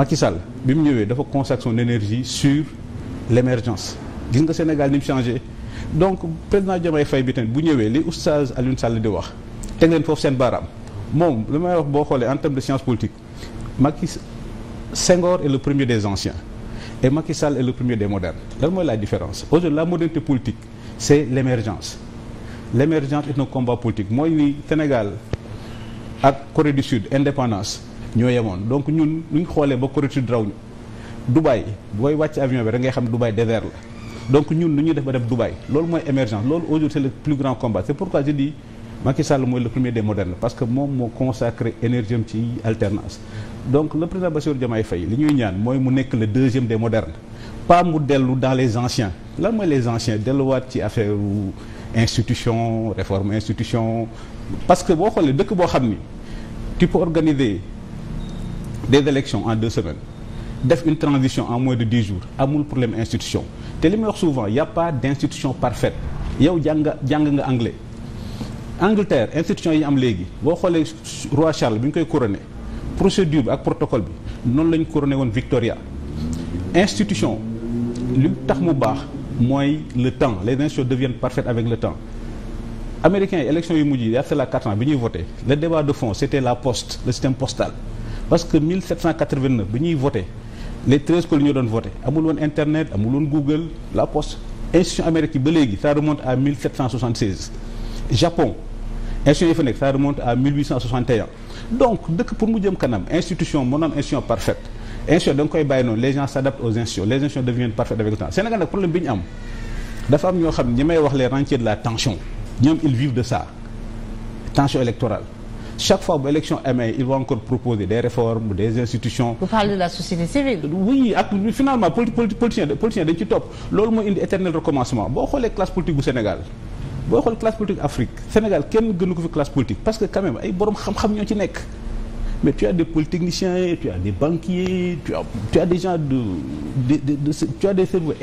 Macky Sall bi mu ñëwee dafa consacrer son énergie sur l'émergence gis nga Sénégal ni mu changé donc président Diomaye fay bi tamit bu ñëwee li oustaz Alioune Sall di wax teg leen foofu seen baaraam moom li may wax boo xoolee en termes de science politique Macky Senghor est le premier des anciens et Macky Sall le premier des modernes lan mooy la différence aujourd'hui la modernité politique c'est l'émergence l'émergence est un combat politique mooy ni Sénégal ak Corée du ñoo yemoon donc ñun ñu xoolee ba correcture raw ñu Dubaï booy wàcc avion bi rek ngay xam Dubaï désert la donc ñun lu ñuy def ba dem Dubaï loolu mooy émergence loolu aujourd'hui c'est le plus grand combat c'est pourquoi je dis Macky Sall mooy le premier des modernes parce que moom moo consacré énergie ci alternance donc le président Bassirou ay Faye li ñuy ñaan mooy mu nekk le deuxième des modernes pas mu dellu dans les anciens lan mooy les anciens delluwaat ci affaire institution réforme institution parce que boo xoolee dëkk boo xam ni tu peux des élections en deux semaines def une transition en mois de dix jours amul problème institution te li may wax souvent y' a pas d' institution parfaite yow jàng nga jàng nga anglais Angleterre institution yi am léegi boo xoolee roi Charles bi ñu koy couronné procédure bi ak protocole bi noonu la ñu couronné woon Victoria institution li tax mu baax mooy le temps les institutions deviennent parfaites avec le temps américains yi élection yu y a bi ñuy voté le débat de fond c' était la le système postal parce que 1789 bi ñuy voté les treize colonies ñoo doon voté amul woon internet amul woon Google la poste institution Amérique yi ba léegi ça remonte à 1776 Japon institution yi fa nekk ça remonte à 1861 donc dëkk pour mu jëm kanam institution moo am institution parfaite institution da koy bàyyi noonu les gens s'adaptent aux institutions les institutions deviennent parfaites avec le temps Sénégal nag problème bi ñu am dafa am ñoo xam ne ñi may wax les rentiers la tension ñoom de ça tension électorale chaque fois bu élection amee ils vont encore proposer des réformes des institutions. vous parlez de la société civile. oui ak finalement politi politicien politicien dañ ci topp loolu mooy indi éternel recommencement boo xoolee classe politique bu Sénégal. boo xool classe politique Afrique Sénégal kenn gënu ko fi classe politique parce que quand même ay borom xam-xam ñoo ci nekk. mais tu as des polytechniciens tu as des banquiers de de de, de, de tu as des cerveaux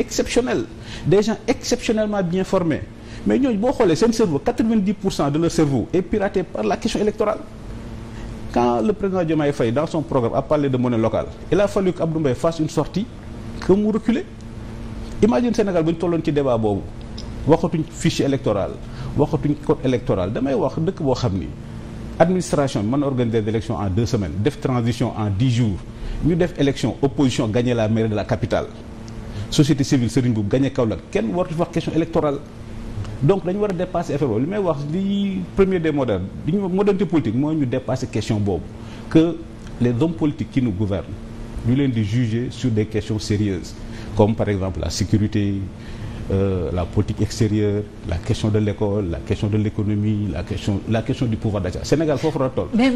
exceptionnellement bien formés mais ñooñ boo xoolee seen cerveau 90 pour cent de leur cerveau est piraté par la question électorale. quand le président Diomaye Faye dans son programme a parlé de monnaie locale il a fallu que Abdou Mbaye fasse une sortie que mu reculer imagine Sénégal bu ñu tolloon ci débat boobu waxatuñ fichier électoral waxatuñ code électoral damay wax dëkk boo xam ni. administration bi mën organiser des élections en deux semaines def transition en dix jours ñu def élection opposition gagné la mairie de la capitale société civile Serigne Boubou gagné Kaolack kenn wartu wax question électorale donc dañu war a dépasser affaire boobu li may wax li premier des modèles li ñu modernité politique mooy ñu dépasser question boobu que les hommes politiques qui nous gouvernent ñu leen di juger sur des questions sérieuses comme par exemple la sécurité euh, la politique extérieure la question de l'école la question de l'économie la question la question du pouvoir d'achat Sénégal foofu la toll